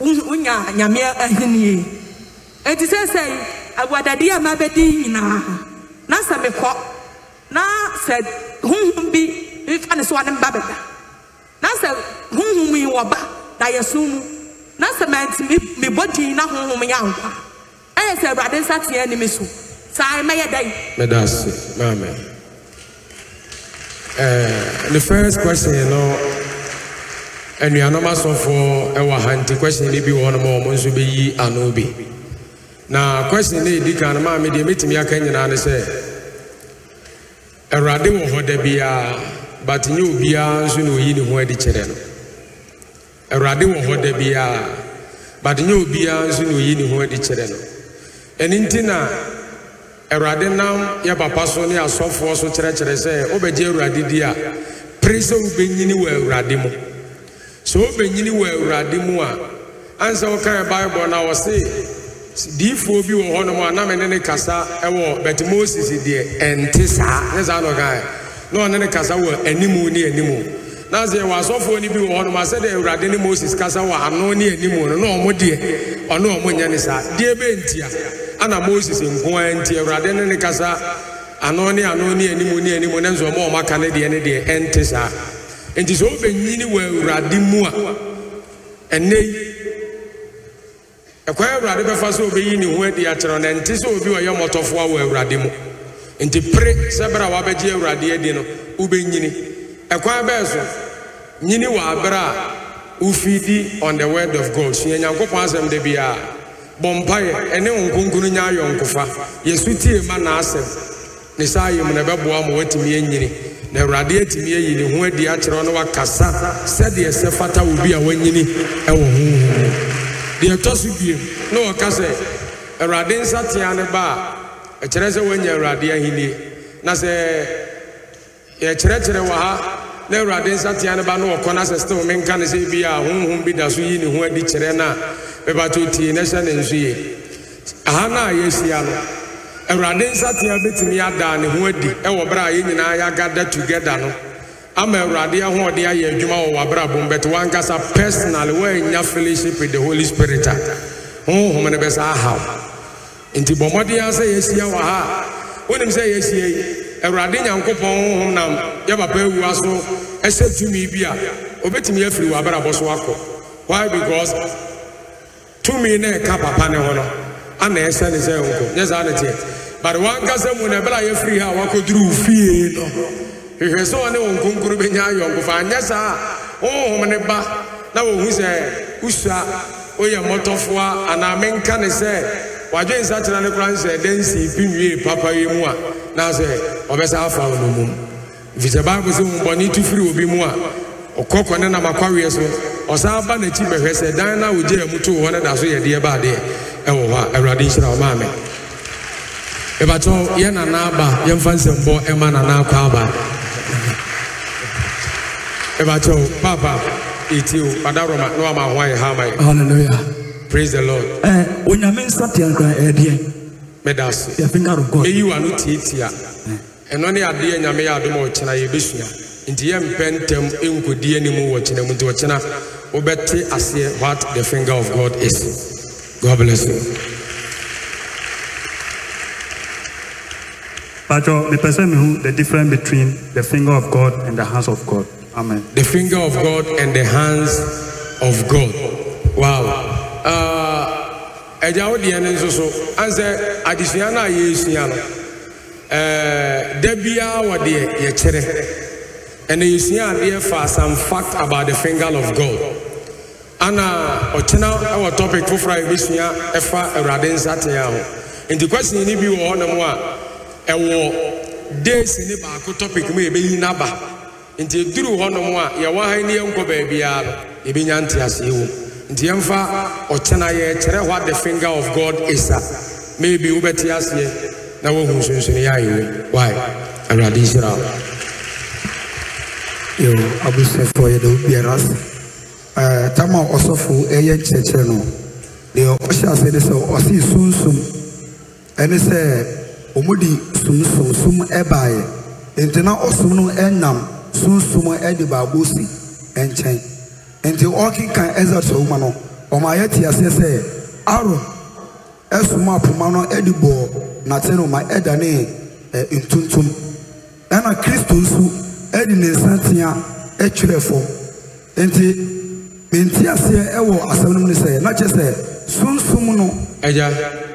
wonya nyame eh, eh, ahennie enti sɛ sɛ abuadade a mabɛdi nyinaa na sɛ mekɔ na sɛ honhom bi mfa ne so a mba bɛda na sɛ honhom yi wɔba na yɛsom mu na sɛ mantimi mebɔ din na honhom yɛ ankwa ɛyɛ eh, sɛ awurade nsa teɛ anim so saa mɛyɛ dɛn meda ase Uh, the first question, you know, anuanom asɔfoɔ ɛwɔ ha nti question ne bi wɔ hɔnom a wɔn nso bɛyi ano bi na question ne edi kan maame deɛ metumi aka nyinaa ne sɛ awurade wɔ hɔ da but nye obiara nso na oyi ne ho adi kyerɛ no awurade wɔ hɔ da biara but nye obiara nso na oyi ne ho adi kyerɛ no ɛne nti na awurade nam yɛ papa so ne asɔfoɔ so kyerɛkyerɛ sɛ wobɛgye awurade di a pere sɛ wobɛnyini wɔ awurade mu sɛ wobɛnyini wɔ awurade mu a ansa wokae bible na wɔse diifoɔ bi wɔ hɔnom a na mene ne kasa ɛwɔ but moses deɛ ɛnte saa ne saa na ɔkae na ɔne ne kasa wɔ animu ne animu na sɛ yɛwɔ asɔfoɔ no bi wɔ hɔnom a sɛdeɛ awurade ne moses kasa wɔ ano ni animu no na ɔmo deɛ ɔne ɔmo nyɛ ne saa deɛ a ana moses nko nti awurade ne ne kasa ano ni ano ne animu ne animu ne nso ọmụ ɔmo aka ne die ne die ɛnte saa nti sɛ wobɛnyini wɔ awurade mu a ɛnɛ yi ɛkwan awurade bɛfa sɛ obɛyi ne ho adi akyerɛ no ɛnte sɛ obi ɔyɛ mmɔtɔfoɔ wɔ awurade mu nti pere sɛ berɛ a wabɛgye awurade adi no wobɛnyini ɛkwan bɛɛ so nyini wɔ aberɛ a wofidi on the word of god sua nyankopɔn asɛm da biara bɔ mpaeɛ ɛne wo nkonkunu nya ayɔnkofa yɛsu tie ma n'asɛm ne saa yɛ mu na ɛbɛboa ma woatumi anyini na awurade atumi ayi ne ho adi akyerɛ no wakasa sɛdeɛ sɛ fata obi a wanyini wɔ honhom deɛ ɛtɔ so biem na ɔka sɛ awurade nsatea ne ba a ɛkyerɛ sɛ wanya awurade ahennie na sɛ yɛkyerɛkyerɛ wɔ ha na awurade nsatea ne ba na wɔkɔ no sɛ stew menka ne sɛ bi a honhom bi da so yi ne ho adi kyerɛ no a mebatɔ tie na hyɛ ne nso ye aha no a yɛahyia no awurade nsateaa bɛtumi adaa ne ho adi wɔ berɛ a yɛn nyinaa yɛagada together no ama awurade ahoɔden ayɛ adwuma wɔ w'abrabom but wankasa personally woanya fellowship with the holy spirit a honhom no bɛsa ahaw nti bɔ sɛ yɛahyia wɔ ha a wonim sɛ yɛahyia yi awurade nyankopɔn honhom nam yɛpapa awua so ɛhyɛ tumi bi a obɛtumi afiri w'abrabɔ so akɔ why because tumi na ɛka papa ne ho no ana ɛsɛ ne sɛ nko nyɛ saa ne teɛ but wankasa mu na ɛbɛrɛ a yɛfiri oh, ha oh, oh, a fie no hwehwɛ sɛ ɔne nkonkoro saa ne ba na wɔhu sɛ wosua woyɛ mmɔtɔfoa anaa menka ne sɛ wadwe ne nsɛ bi nwie papa yi mu a na ɔbɛsa afa no mom ɛfiri sɛ sɛ tu firi obi mu a ɔkɔkɔ ne nam so ɔsan ba n'akyi bɛhwɛ sɛ dan na wogyee mu too hɔ ne da so ɛwɔ hɔ a ɛbatɔ yɛ nana aba yɛmfa nsɛmbɔ ɛma nana akɔ aba ɛbatɔ papa eti o padaroma na wama ho ayɛ ha ama yɛ. hallelujah. praise the lord. ɛ eh, onyame nsa tia nkran eh, ɛɛdeɛ. meda so. yɛ finger of god. eyi wa no tietia ɛno ne adeɛ nyame yɛ adum a ɔkyena yɛ nti yɛ mpẹ ntɛm e nkodi anim wɔ kyena mu nti ɔkyena wobɛte aseɛ what the finger of god is god bless you. But the person who the difference between the finger of God and the hands of God. Amen. The finger of God and the hands of God. Wow. Ɛgya wo deɛ ne nso so ansɛ adesua no a yɛresua no da biara wɔ deɛ yɛkyerɛ some fact about the finger of God ana ɔkyena ɛwɔ topic foforɔ a yɛbɛsua ɛfa awurade nsateaa ho nti question ni bi wɔ hɔ ɛwɔ days ne baako topic mu yɛbɛyi n'aba nti eduru hɔnom a yɛwɔ ha ne yɛnkɔ baabiara no yɛbɛnya nte aseɛ wɔ nti yɛmfa ɔkyɛn a yɛkyerɛ what the finger of god is a maybe wobɛte aseɛ na woahu nsonson yɛ ayɛ wɔ why awurade nhyira yo abusuafoɔ yɛde wo biara ase ɛɛ tam a ɔsɔfo ɛyɛ nkyerɛkyerɛ no deɛ ɔhyɛ ase ne sɛ ɔse sunsum ɛne sɛ ɔmudi sunsum sum ɛbaeɛ nti na ɔsum no ɛnam sunsum ɛde baabo si nkyɛn nti ɔkeka ɛza sɔwoma no ɔma yɛ te aseɛ sɛ aro ɛsoma poma no ɛde bɔɔ n'atɛnuma ɛdane ɛ ntuntum ɛna kristo nso ɛde ne nsa tea ɛtwerɛ fam nti menti ɛwɔ asɛm no mu ne sɛ na kyerɛ sɛ sunsum no. ɛgya.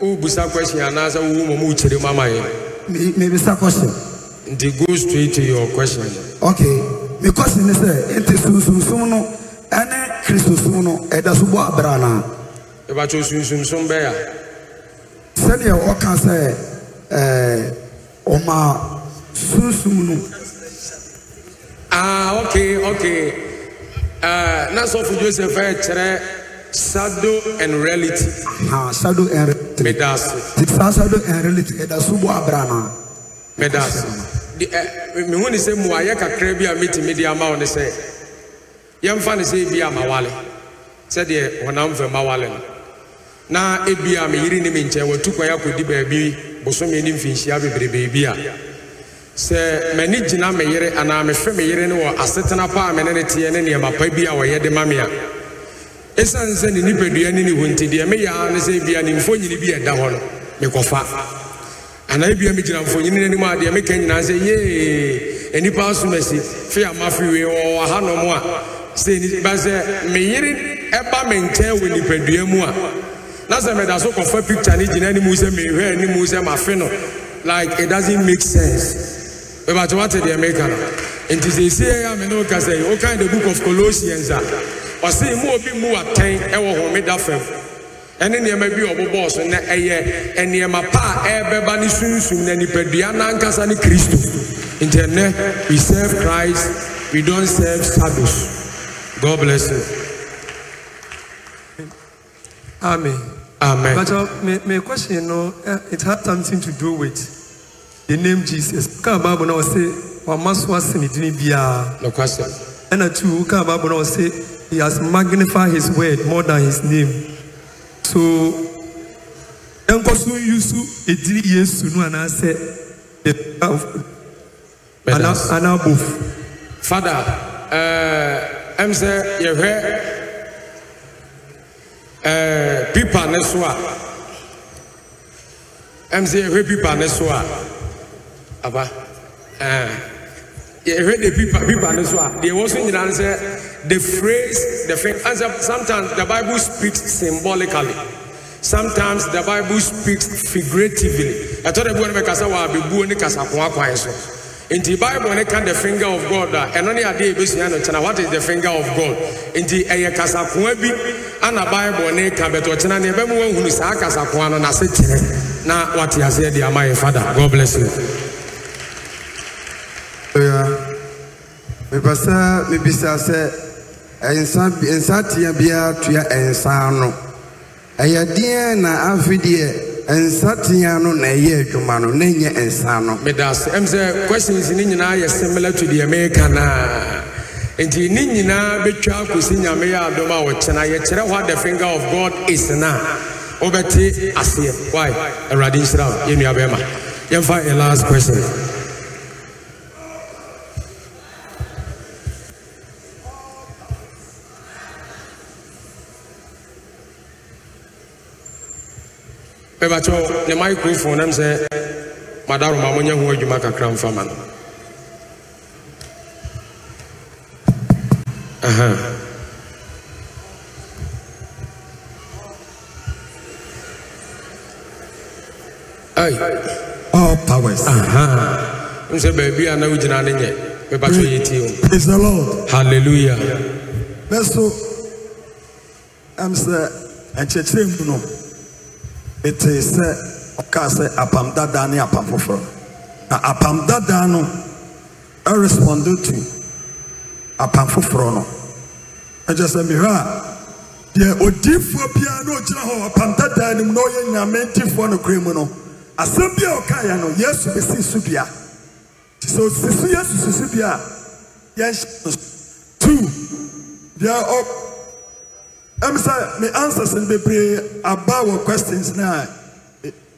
ubusa question anaasɛ wo mɔ mu kyerɛ mu ama yɛ sa question nti go straight to your question okay me question ne eh, sɛ nti sunsumsum no ɛne kristosum no ɛda so bɔ abrɛ anaa ya? sunsumsum ọ sɛdeɛ ɔka sɛ ɛɛ ɔma A no ah okay okay ɛɛ uh, ah, na joseph shadow and reality. Aha, shadow and reality. Meda ase. Ti saa shadow and reality ɛda so bɔ abira na. Meda ase. Di ɛ eh, mi hu ni sɛ mu ayɛ kakra bi a mi ti mi di ama wɔn sɛ yɛn fa ni sɛ ebi ama wale sɛdeɛ wɔnam fɛ ma wale eh, na ebi a mi yiri ni mi nkyɛn wɔtu kwan akɔdi baabi bosomi ni mfinhyia bebrebe bi a sɛ m'ani gyina mi yere anaa mi fɛ mi yere no wɔ asetena pa a ne ne teɛ ne nneɛma pa bi a wɔyɛ de ma mi a ɛsiane sɛ ne nipadua ne ne ho deɛ meyɛ a ne sɛ bia ne mfonyini bi ɛda hɔ no mekɔfa anaa bia megyina mfonyini no anim a deɛ meka nyinaa sɛ yee anipa asom asi fe ama fewei ɔwɔ ha no a sɛ ba sɛ meyere ɛba me nkyɛn wɔ nipadua mu a na sɛ meda so kɔfa picture no gyina anim sɛ mehwɛ anim sɛ mafe no like it doesn't make sense mebatewate deɛ meka no nti sɛ ɛsiɛ a me ne woka sɛ wokan the book of colossians a ɔse mu obi mu atɛn ɛwɔ homeda fam ɛne nneɛma bi ɔbobɔɔ so na ɛyɛ nneɛma pa a ɛrebɛba ne sunsum na nipadua n'ankasa ne kristo nti we serve christ we don serve shadows god bless you amen amen but uh, my, my question no uh, it had something to do with the name jesus kaa baabu na ɔse wama so ase ne din biara no question ɛna two kaa baabu na ɔsi he has magnified his word more than his name so ɛnkɔ yusu edini yesu no anaasɛ the ana anabof. fada ɛɛ ɛm sɛ yɛhwɛ ɛɛ pipa ne so a ɛm sɛ yɛhwɛ pipa ne so a aba ɛɛ. Uh, yɛhwɛ de pipa people, no so a deɛ ɛwɔ so nyinaa no the phrase the thing and sometimes the bible speaks symbolically sometimes the bible speaks figuratively I de buo no bɛkasa wɔ abɛbuo ne kasakoa kwan so nti bible they ka the finger of god uh, a ɛno ne adeɛ yɛbɛsua no kyena what is the finger of god In the nti eh, ɛyɛ kasakoa bi ana bible they ne ka bɛtɔ kyena ne ɛbɛmu wahunu saa kasakoa no n'ase kyerɛ na wate aseɛ de ama yɛ fada god bless you mepɛ sɛ mebisa sɛ nsa nsa tea biara tua nsa ano ɛyɛ deɛ na afe deɛ no na ɛyɛ adwuma no na ɛnyɛ nsa no. meda ase ɛm sɛ questions ne nyinaa yɛ similar to deɛ meka naa nti ne nyinaa bɛtwa akɔsi nyame yɛ adom a wɔkyena yɛkyerɛ hɔ a the finger of god is na wobɛte aseɛ why awurade nhyira wo yɛnnua bɛma yɛmfa a last question mɛbatɔ ne microphone nam sɛ madaro ma monyɛ ho adwuma kakra mfa ma no aha ai all powers aha n sɛ baabi a na wogyina ne nyɛ mɛbatɔ yɛtio praise the lord hallelujah bɛso ɛm sɛ nkyerɛkyerɛ mu no metee sɛ ɔkaa sɛ apam dadaa ne apam foforɔ na apam dadaa no ɛresponde e to apam foforɔ no ɛkyɛ e sɛ mehwɛ a deɛ odiifoɔ biara na ɔgyina hɔ apam dadaa no mu na ɔyɛ nyame ntifoɔ no kura mu no asɛm bi a ɔkaeɛ no yesu bɛsi so dua nti sɛ ɔsi yesu si so dua a yɛnhyɛ no two deɛ ɔ ɛm sɛ me answers no bebree aba wɔ questions no a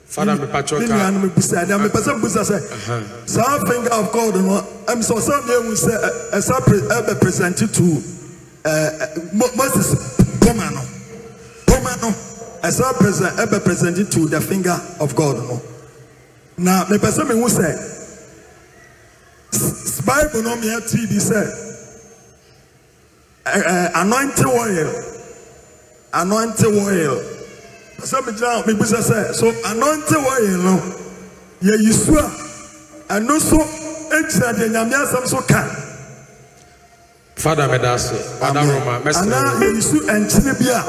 fada mepa kyɔ ka nuanu mi busa ɛdi amepa sɛ busa sɛ uh-huh. saa finger of god no ɛm sɛ ɔsan mi ehu sɛ ɛsa ɛbɛ present to eh, eh, moses poma no poma no ɛsa eh, present ɛbɛ present to the finger of god no na mepa sɛ mi hu sɛ bible no mi ɛti bi sɛ ɛɛ anointing oil anointing oil ɛsɛ mi gyina mi bisa sɛ so anointing oil no yɛ yisu a ɛno so egyina deɛ nyame asɛm so ka. fada mɛda ase fada roma mɛsrɛ wo anaa yɛ yisu ɛnkyene bi a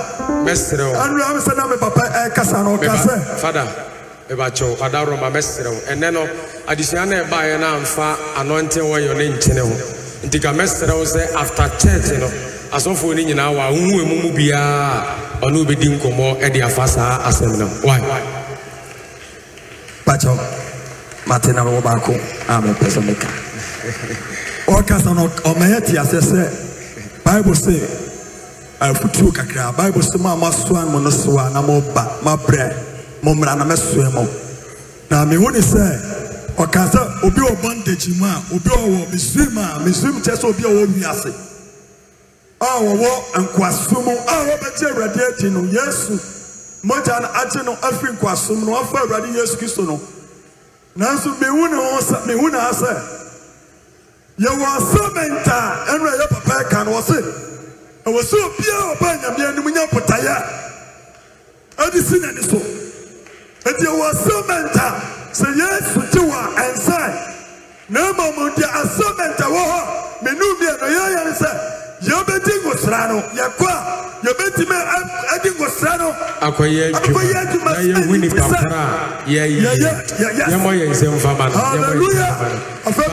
mɛsrɛ wo anura mi sɛ na mi papa kasa na ɔka sɛ. fada mebakyɛw fada roma mɛsrɛ wo ɛnɛ no adesua na ɛbaeɛ no amfa anointing oil ne nkyene ho nti ka mɛsrɛ wo sɛ after church no asɔfoɔ no nyinaa wɔ ahohu emu mu biara ɔno bɛdi nkɔmmɔ de afa saa asɛm no why pakyɛ mate na wɔ baako a mepɛ sɛ meka ɔkasa no ɔmayɛ te asɛ sɛ bible sɛ afutuo kakra bible sɛ ma masoa mo no so a na moba mabrɛ mommra na mɛsoɛ mo na mehu ne sɛ ɔka sɛ obi wɔ bondage mu a obi wɔ misrim a misrim kyɛ sɛ obi a wɔ wiase a wɔwɔ nkwasom a wɔbɛgye awurade akyi no yesu mogya no agye no afiri nkwasom no wafa awurade yesu kristo no nanso mehu ne ho sɛ mehu ne ha sɛ yɛwɔ asɛmɛnta a ɛnura yɛ papa ɛka no wɔ se ɛwɔ sɛ obiara ɔba nyame anim nya botaeɛ ɛde si n'ani so ɛti yɛwɔ asɛmɛnta sɛ yesu gye wɔ ɛnsae na mmom deɛ asɛmɛnta wɔ hɔ menum deɛ no yɛyɛ sɛ yɛbɛdi nkosra no yɛkɔ a yɛbɛtumi adi nkosra no akɔyɛ adwuma na yɛhu nipa korɔ a yɛyɛ yɛmɔ yɛn nsɛm fama no yɛmɔ yɛn nsɛm fama no.